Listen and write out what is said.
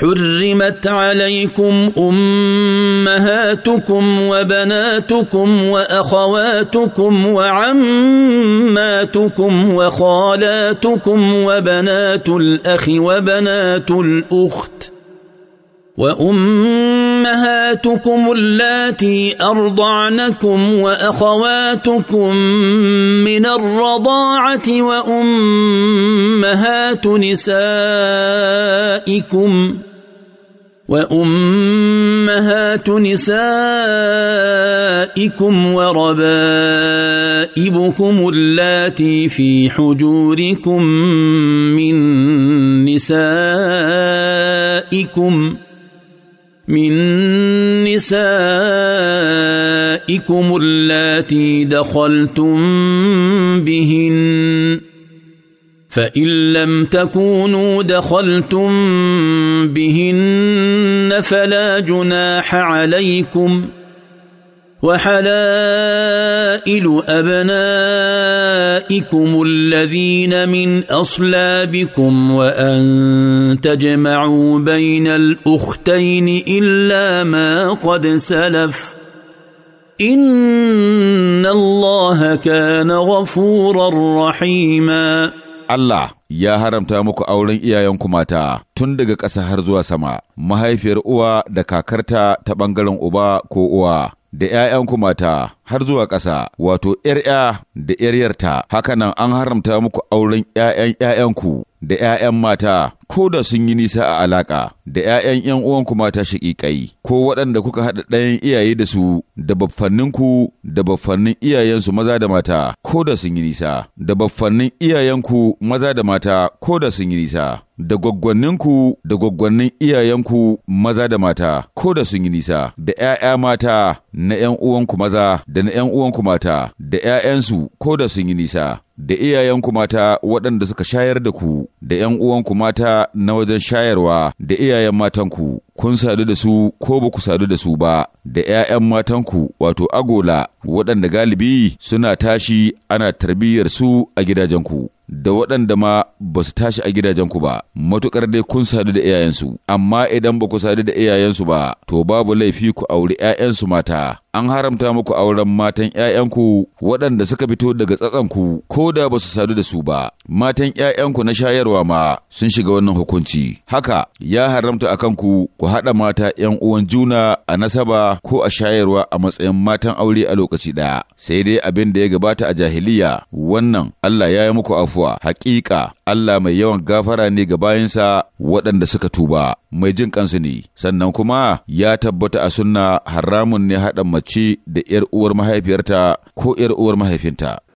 حرمت عليكم امهاتكم وبناتكم واخواتكم وعماتكم وخالاتكم وبنات الاخ وبنات الاخت وامهاتكم اللاتي ارضعنكم واخواتكم من الرضاعه وامهات نسائكم وامهات نسائكم وربائبكم اللاتي في حجوركم من نسائكم من نسائكم اللاتي دخلتم بهن فان لم تكونوا دخلتم بهن فلا جناح عليكم وحلائل ابنائكم الذين من اصلابكم وان تجمعوا بين الاختين الا ما قد سلف ان الله كان غفورا رحيما Allah ya haramta muku auren iyayenku mata tun daga ƙasa har zuwa sama, mahaifiyar uwa da kakarta ta ɓangaren uba ko uwa, da ‘ya'yanku mata. har zuwa ƙasa wato ‘yar'ya da ‘yaryarta nan an haramta muku auren ‘ya'yan ‘ya'yanku da ‘ya'yan mata ko da sun yi nisa a alaƙa da ‘ya'yan ‘yan uwanku mata shaƙiƙai ko waɗanda kuka haɗa ɗayan iyaye da su da baffanninku da baffannin iyayensu maza da mata ko da sun yi nisa da baffannin iyayenku maza da mata ko da sun yi nisa da gwaggwanninku da gwaggwannin iyayenku maza da mata ko da sun yi nisa da ‘ya'ya mata na ‘yan uwanku maza da na ‘yan uwanku mata, da ‘ya'yansu ko da sun yi nisa, da iyayenku mata waɗanda suka shayar da ku, da ‘yan uwanku mata na wajen shayarwa, da iyayen matanku, kun sadu da su ko ba ku sadu da su ba, da ‘ya'yan matanku wato agola waɗanda galibi suna tashi ana tarbiyyar su a gidajenku. da waɗanda ma ba su tashi a gidajenku ba, matuƙar dai kun sadu da iyayensu, amma idan ba ku sadu da iyayensu ba, to babu laifi ku auri ‘ya'yansu mata. An haramta muku auren matan ‘ya'yanku waɗanda suka fito daga tsatsanku ko da ba su sadu da su ba, matan ‘ya'yanku na shayarwa ma sun shiga wannan hukunci. Haka ya haramta a kanku ku haɗa mata ‘yan uwan juna a nasaba ko a shayarwa a matsayin matan aure a lokaci ɗaya, sai dai abin da ya gabata a jahiliya wannan Allah ya yi muku afu afuwa hakika Allah mai yawan gafara ne ga bayansa waɗanda suka tuba mai jin kansu ne sannan kuma ya tabbata a sunna haramun ne haɗa mace da 'yar uwar mahaifiyarta ko 'yar uwar mahaifinta